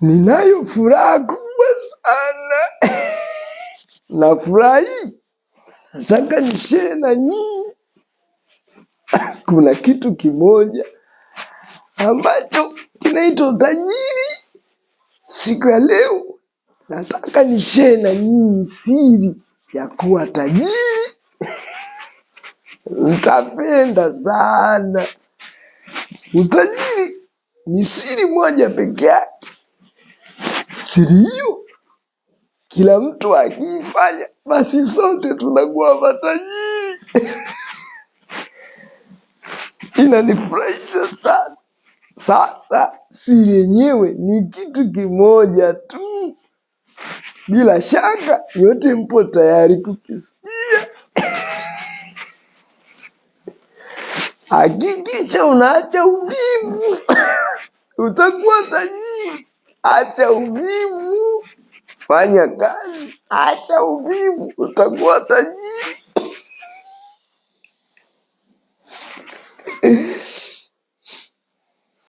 Ninayo furaha kubwa sana. Nafurahi, nataka nishee na nyinyi. Kuna kitu kimoja ambacho kinaitwa utajiri. Siku ya leo nataka nishee na nyinyi siri ya kuwa tajiri. Mtapenda sana. Utajiri ni siri moja pekee yake Siri hiyo kila mtu akiifanya, basi sote tunakuwa matajiri. Inanifurahisha sana. Sasa siri yenyewe ni kitu kimoja tu, bila shaka yote mpo tayari kukisikia. Hakikisha unaacha uvivu, utakuwa tajiri. acha ao vivo, fanya kazi, acha ao vivo, utakuwa tajiri.